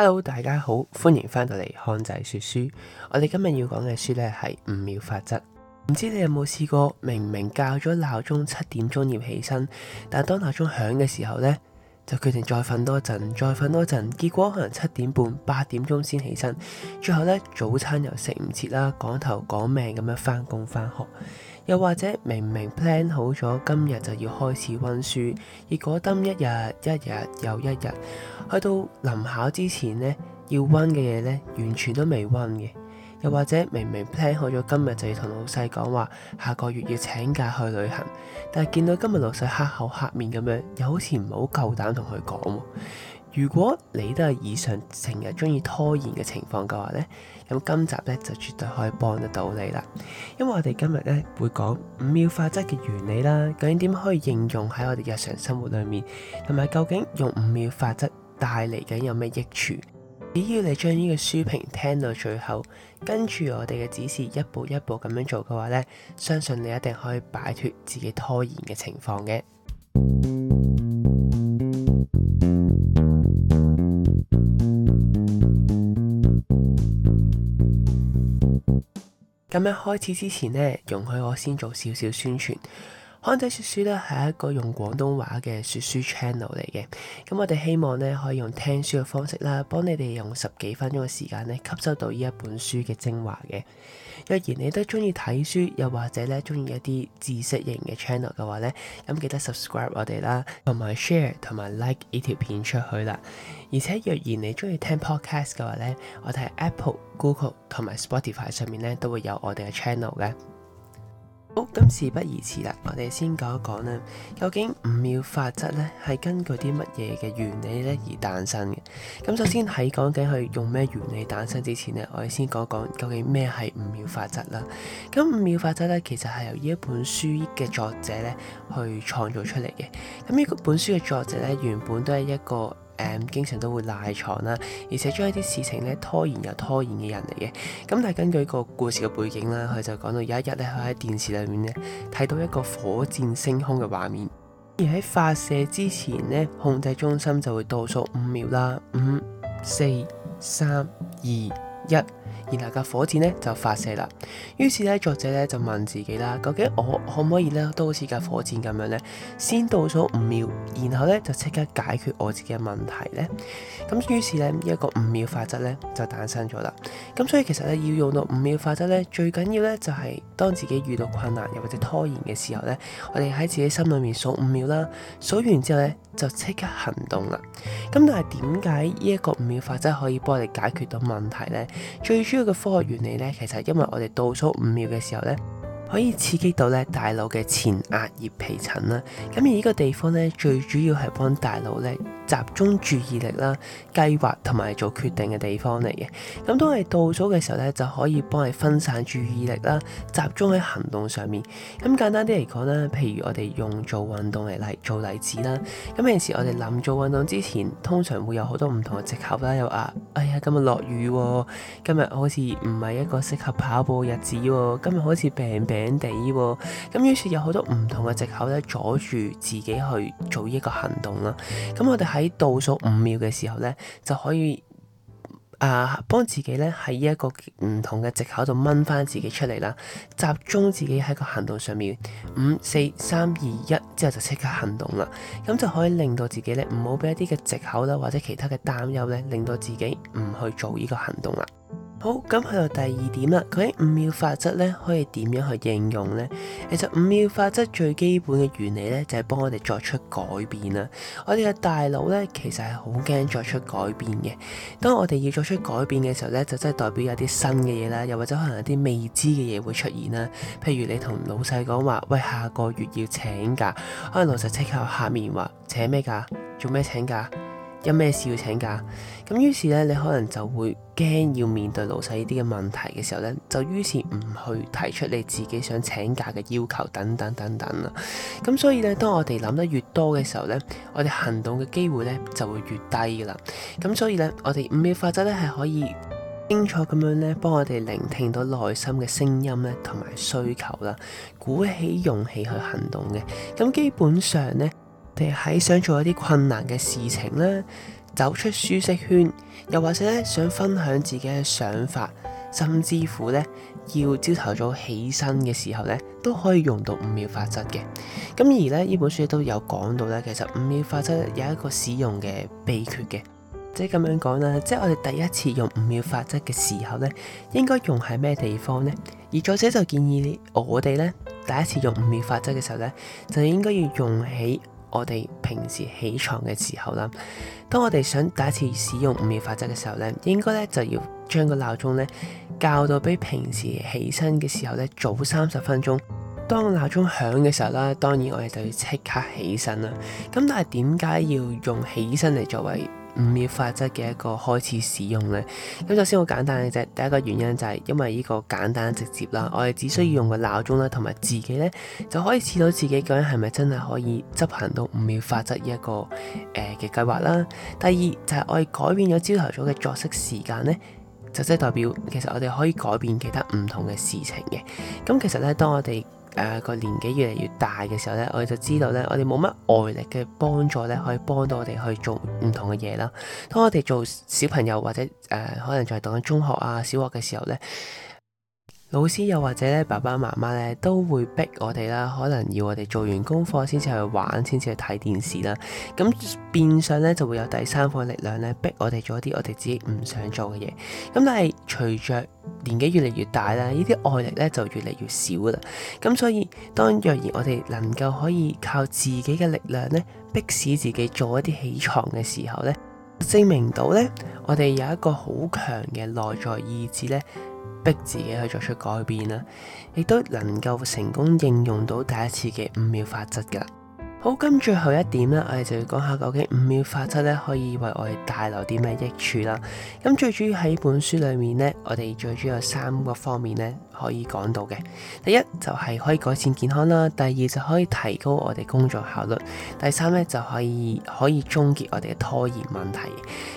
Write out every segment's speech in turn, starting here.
Hello，大家好，歡迎翻到嚟漢仔說書。我哋今日要講嘅書呢係五秒法則。唔知你有冇試過，明明校咗鬧鐘七點鐘要起身，但係當鬧鐘響嘅時候呢。就決定再瞓多陣，再瞓多陣，結果可能七點半、八點鐘先起身。最後咧，早餐又食唔切啦，趕頭趕命咁樣返工返學。又或者明明 plan 好咗今日就要開始温書，結果等一日、一日又一日，去到臨考之前呢，要温嘅嘢呢，完全都未温嘅。又或者明明 plan 好咗今日就要同老細講話，下個月要請假去旅行，但係見到今日老細黑口黑面咁樣，又好似唔好夠膽同佢講。如果你都係以上成日中意拖延嘅情況嘅話呢，咁今集呢就絕對可以幫得到你啦。因為我哋今日呢會講五秒法則嘅原理啦，究竟點可以應用喺我哋日常生活裏面，同埋究竟用五秒法則帶嚟緊有咩益處？只要你將呢個書評聽到最後，跟住我哋嘅指示一步一步咁樣做嘅話呢，相信你一定可以擺脫自己拖延嘅情況嘅。咁喺開始之前呢，容許我先做少少宣傳。安仔說書咧係一個用廣東話嘅說書 channel 嚟嘅，咁我哋希望咧可以用聽書嘅方式啦，幫你哋用十幾分鐘嘅時間咧吸收到呢一本書嘅精華嘅。若然你都中意睇書，又或者咧中意一啲知識型嘅 channel 嘅話咧，咁記得 subscribe 我哋啦，同埋 share 同埋 like 呢條片出去啦。而且若然你中意聽 podcast 嘅話咧，我哋喺 Apple、Google 同埋 Spotify 上面咧都會有我哋嘅 channel 嘅。好，咁事不宜遲啦，我哋先講一講呢究竟五秒法則呢係根據啲乜嘢嘅原理呢而誕生嘅。咁首先喺講緊佢用咩原理誕生之前呢，我哋先講講究竟咩係五秒法則啦。咁五秒法則呢，其實係由呢一本書嘅作者呢去創造出嚟嘅。咁呢本書嘅作者呢，原本都係一個。誒經常都會賴床啦，而且將一啲事情咧拖延又拖延嘅人嚟嘅。咁但係根據個故事嘅背景啦，佢就講到有一日咧，佢喺電視裏面咧睇到一個火箭升空嘅畫面，而喺發射之前呢，控制中心就會倒數五秒啦，五四三二一。然後架火箭咧就發射啦。於是咧，作者咧就問自己啦：究竟我可唔可以咧都好似架火箭咁樣咧，先倒數五秒，然後咧就即刻解決我自己嘅問題呢？于」咁於是咧，呢一個五秒法則咧就誕生咗啦。咁所以其實咧要用到五秒法則咧，最緊要咧就係當自己遇到困難又或者拖延嘅時候咧，我哋喺自己心裏面數五秒啦，數完之後咧就即刻行動啦。咁但係點解呢一個五秒法則可以幫我哋解決到問題呢？最呢個科學原理呢，其實因為我哋倒數五秒嘅時候呢，可以刺激到呢大腦嘅前額葉皮層啦。咁而呢個地方呢，最主要係幫大腦呢。集中注意力啦，計劃同埋做決定嘅地方嚟嘅，咁都係倒數嘅時候咧，就可以幫你分散注意力啦，集中喺行動上面。咁簡單啲嚟講咧，譬如我哋用做運動嚟例做例子啦，咁平時我哋臨做運動之前，通常會有好多唔同嘅借口啦，又啊，哎呀，今日落雨喎，今日好似唔係一個適合跑步嘅日子喎，今日好似病病地喎，咁於是有好多唔同嘅借口咧阻住自己去做呢一個行動啦。咁我哋係。喺倒數五秒嘅時候咧，就可以啊幫、呃、自己咧喺呢一個唔同嘅借口度掹翻自己出嚟啦，集中自己喺個行動上面，五四三二一之後就即刻行動啦，咁就可以令到自己咧唔好俾一啲嘅借口啦，或者其他嘅擔憂咧，令到自己唔去做呢個行動啦。好，咁去到第二點啦。佢喺五秒法則呢，可以點樣去應用呢？其實五秒法則最基本嘅原理呢，就係幫我哋作出改變啦。我哋嘅大腦呢，其實係好驚作出改變嘅。當我哋要作出改變嘅時候呢，就真係代表有啲新嘅嘢啦，又或者可能有啲未知嘅嘢會出現啦。譬如你同老細講話，喂，下個月要請假，可能老細即刻下面話請咩假，做咩請假？有咩事要請假？咁於是咧，你可能就會驚要面對老細呢啲嘅問題嘅時候咧，就於是唔去提出你自己想請假嘅要求等等等等啦。咁所以咧，當我哋諗得越多嘅時候咧，我哋行動嘅機會咧就會越低㗎啦。咁所以咧，我哋五秒法則咧係可以清楚咁樣咧幫我哋聆聽到內心嘅聲音咧同埋需求啦，鼓起勇氣去行動嘅。咁基本上咧。我哋喺想做一啲困難嘅事情啦，走出舒適圈，又或者咧想分享自己嘅想法，甚至乎咧要朝頭早起身嘅時候咧，都可以用到五秒法則嘅。咁而咧呢本書都有講到咧，其實五秒法則有一個使用嘅秘訣嘅，即係咁樣講啦，即係我哋第一次用五秒法則嘅時候咧，應該用喺咩地方呢？而作者就建議你我哋咧第一次用五秒法則嘅時候咧，就應該要用喺。我哋平時起床嘅時候啦，當我哋想第一次使用五秒法則嘅時候咧，應該咧就要將個鬧鐘咧校到比平時起身嘅時候咧早三十分鐘。當個鬧鐘響嘅時候啦，當然我哋就要即刻起身啦。咁但係點解要用起身嚟作為五秒法則嘅一個開始使用呢，咁首先好簡單嘅啫。第一個原因就係因為呢個簡單直接啦，我哋只需要用個鬧鐘啦，同埋自己呢，就可以試到自己究竟係咪真係可以執行到五秒法則呢一個嘅、呃、計劃啦。第二就係、是、我哋改變咗朝頭早嘅作息時間呢，就即係代表其實我哋可以改變其他唔同嘅事情嘅。咁其實呢，當我哋誒個、啊、年紀越嚟越大嘅時候咧，我哋就知道咧，我哋冇乜外力嘅幫助咧，可以幫到我哋去做唔同嘅嘢啦。當我哋做小朋友或者誒、呃，可能就係讀緊中學啊、小學嘅時候咧。老師又或者咧，爸爸媽媽咧，都會逼我哋啦，可能要我哋做完功課先至去玩，先至去睇電視啦。咁變相咧就會有第三方力量咧，逼我哋做一啲我哋自己唔想做嘅嘢。咁但係隨着年紀越嚟越大啦，呢啲外力咧就越嚟越少啦。咁所以當若然我哋能夠可以靠自己嘅力量咧，逼使自己做一啲起床嘅時候咧，證明到咧我哋有一個好強嘅內在意志咧。逼自己去作出改變啦，亦都能夠成功應用到第一次嘅五秒法則㗎。好，咁最後一點呢，我哋就要講下究竟五秒法則呢可以為我哋帶來啲咩益處啦。咁最主要喺本書裏面呢，我哋最主要有三個方面呢。可以講到嘅，第一就係可以改善健康啦，第二就可以提高我哋工作效率，第三咧就可以可以終結我哋嘅拖延問題。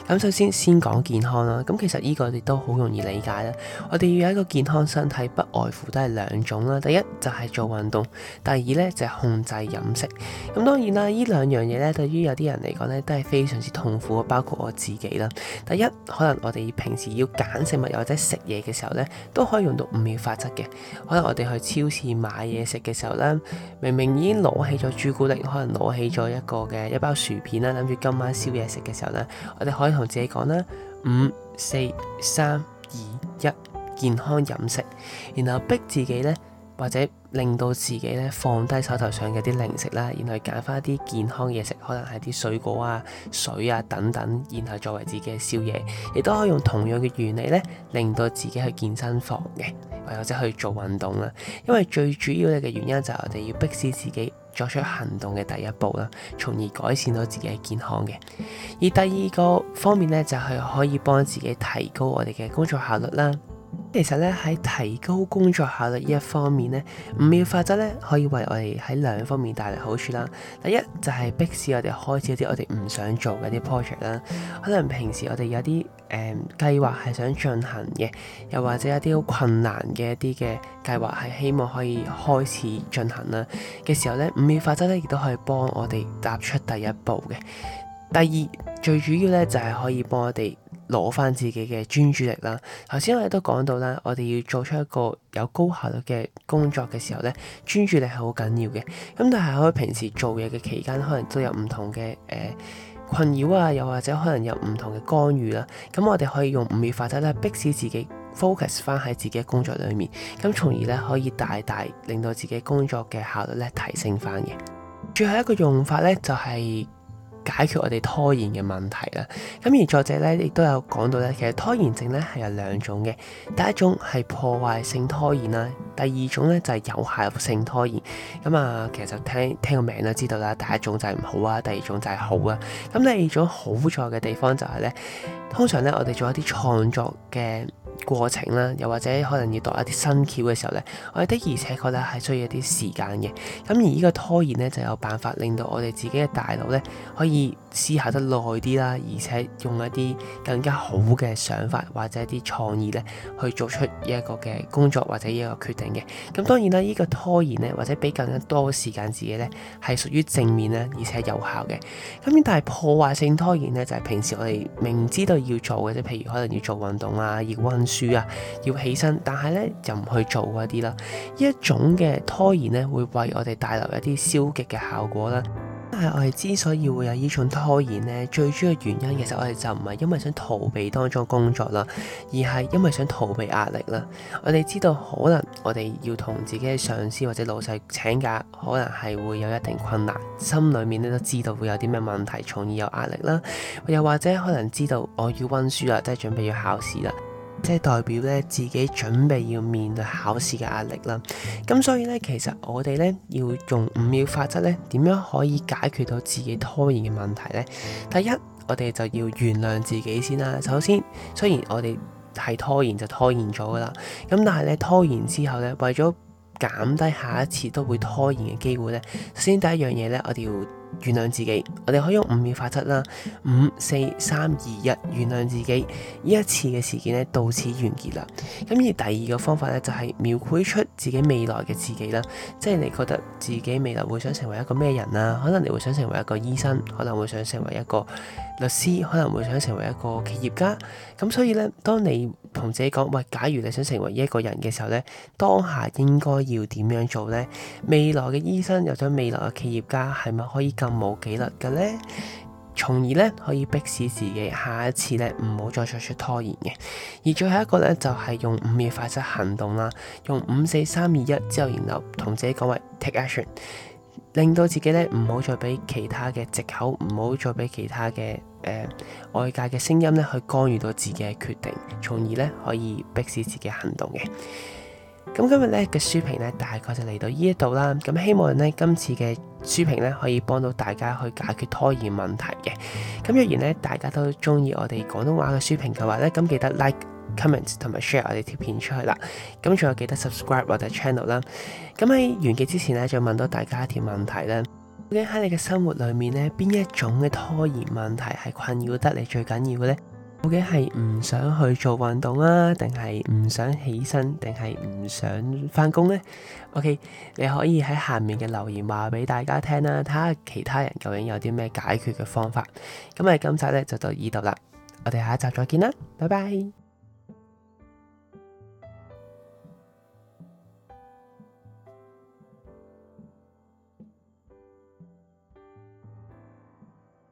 咁首先先講健康啦，咁其實呢個我哋都好容易理解啦。我哋要有一個健康身體，不外乎都係兩種啦。第一就係做運動，第二咧就係控制飲食。咁當然啦，呢兩樣嘢咧，對於有啲人嚟講咧，都係非常之痛苦啊。包括我自己啦，第一可能我哋平時要揀食物又或者食嘢嘅時候咧，都可以用到五秒質嘅可能，我哋去超市買嘢食嘅時候咧，明明已經攞起咗朱古力，可能攞起咗一個嘅一包薯片啦，諗住今晚宵夜食嘅時候咧，我哋可以同自己講啦：「五、四、三、二、一，健康飲食」，然後逼自己咧，或者令到自己咧放低手頭上嘅啲零食啦，然後揀翻一啲健康嘢食，可能係啲水果啊、水啊等等，然後作為自己嘅宵夜，亦都可以用同樣嘅原理咧，令到自己去健身房嘅。或者去做運動啦，因為最主要嘅原因就係我哋要迫使自己作出行動嘅第一步啦，從而改善到自己嘅健康嘅。而第二個方面咧就係可以幫自己提高我哋嘅工作效率啦。其實咧，喺提高工作效率呢一方面呢，五秒法則咧可以為我哋喺兩方面帶來好處啦。第一就係、是、逼使我哋開始一啲我哋唔想做嘅啲 project 啦。可能平時我哋有啲誒計劃係想進行嘅，又或者有啲好困難嘅一啲嘅計劃係希望可以開始進行啦嘅時候呢，五秒法則咧亦都可以幫我哋踏出第一步嘅。第二最主要咧就係可以幫我哋。攞翻自己嘅專注力啦。頭先我哋都講到啦，我哋要做出一個有高效率嘅工作嘅時候呢，專注力係好緊要嘅。咁但係喺平時做嘢嘅期間，可能都有唔同嘅、呃、困擾啊，又或者可能有唔同嘅干預啦。咁我哋可以用五秒法則咧，迫使自己 focus 翻喺自己嘅工作裏面，咁從而呢，可以大大令到自己工作嘅效率咧提升翻嘅。最後一個用法呢，就係、是。解決我哋拖延嘅問題啦。咁而作者咧亦都有講到咧，其實拖延症咧係有兩種嘅，第一種係破壞性拖延啦，第二種咧就係有效性拖延。咁啊，其實就聽聽個名都知道啦，第一種就係唔好啊，第二種就係好啊。咁第二種好在嘅地方就係咧，通常咧我哋做一啲創作嘅。過程啦，又或者可能要度一啲新橋嘅時候呢，我哋的而且確呢係需要一啲時間嘅。咁而呢個拖延呢，就有辦法令到我哋自己嘅大腦呢，可以思考得耐啲啦，而且用一啲更加好嘅想法或者一啲創意呢，去做出一個嘅工作或者一個決定嘅。咁當然啦，呢個拖延呢，或者俾更加多時間自己呢，係屬於正面呢，而且有效嘅。咁但係破壞性拖延呢，就係平時我哋明知道要做嘅，即譬如可能要做運動啊，要溫書啊，要起身，但係咧就唔去做嗰啲啦。呢一種嘅拖延咧，會為我哋帶來一啲消極嘅效果啦。但係我哋之所以會有呢種拖延呢，最主要原因其實我哋就唔係因為想逃避當中工作啦，而係因為想逃避壓力啦。我哋知道可能我哋要同自己嘅上司或者老細請假，可能係會有一定困難，心裏面咧都知道會有啲咩問題，從而有壓力啦。又或者可能知道我要溫書啦，即係準備要考試啦。即係代表咧，自己準備要面對考試嘅壓力啦。咁所以咧，其實我哋咧要用五秒法則咧，點樣可以解決到自己拖延嘅問題咧？第一，我哋就要原諒自己先啦。首先，雖然我哋係拖延就拖延咗㗎喇，咁但係咧拖延之後咧，為咗減低下一次都會拖延嘅機會咧，首先第一樣嘢咧，我哋要，原諒自己，我哋可以用五秒法則啦，五四三二一，原諒自己。呢一次嘅事件呢，到此完結啦。咁而第二個方法呢，就係描繪出自己未來嘅自己啦，即係你覺得自己未來會想成為一個咩人啊？可能你會想成為一個醫生，可能會想成為一個律師，可能會想成為一個企業家。咁所以呢，當你同自己講，喂，假如你想成為一個人嘅時候呢，當下應該要點樣做呢？未來嘅醫生，又想未來嘅企業家係咪可以咁冇紀律嘅呢？從而呢，可以迫使自己下一次呢唔好再作出拖延嘅。而最後一個呢，就係用五秒快速行動啦，用五四三二一之後然後同自己講話 take action。令到自己咧唔好再俾其他嘅藉口，唔好再俾其他嘅誒外界嘅聲音咧去干預到自己嘅決定，從而咧可以迫使自己行動嘅。咁今日咧嘅書評咧大概就嚟到呢一度啦。咁希望咧今次嘅書評咧可以幫到大家去解決拖延問題嘅。咁若然咧大家都中意我哋廣東話嘅書評嘅話咧，咁記得 like。comment 同埋 share 我哋貼片出去啦。咁仲有記得 subscribe 或者 channel 啦。咁、嗯、喺完結之前咧，就問到大家一條問題啦：究竟喺你嘅生活裏面咧，邊一種嘅拖延問題係困擾得你最緊要嘅呢？究竟係唔想去做運動啊，定係唔想起身，定係唔想翻工呢？OK，你可以喺下面嘅留言話俾大家聽啦，睇下其他人究竟有啲咩解決嘅方法。咁啊，今集咧就到呢度啦。我哋下一集再見啦，拜拜。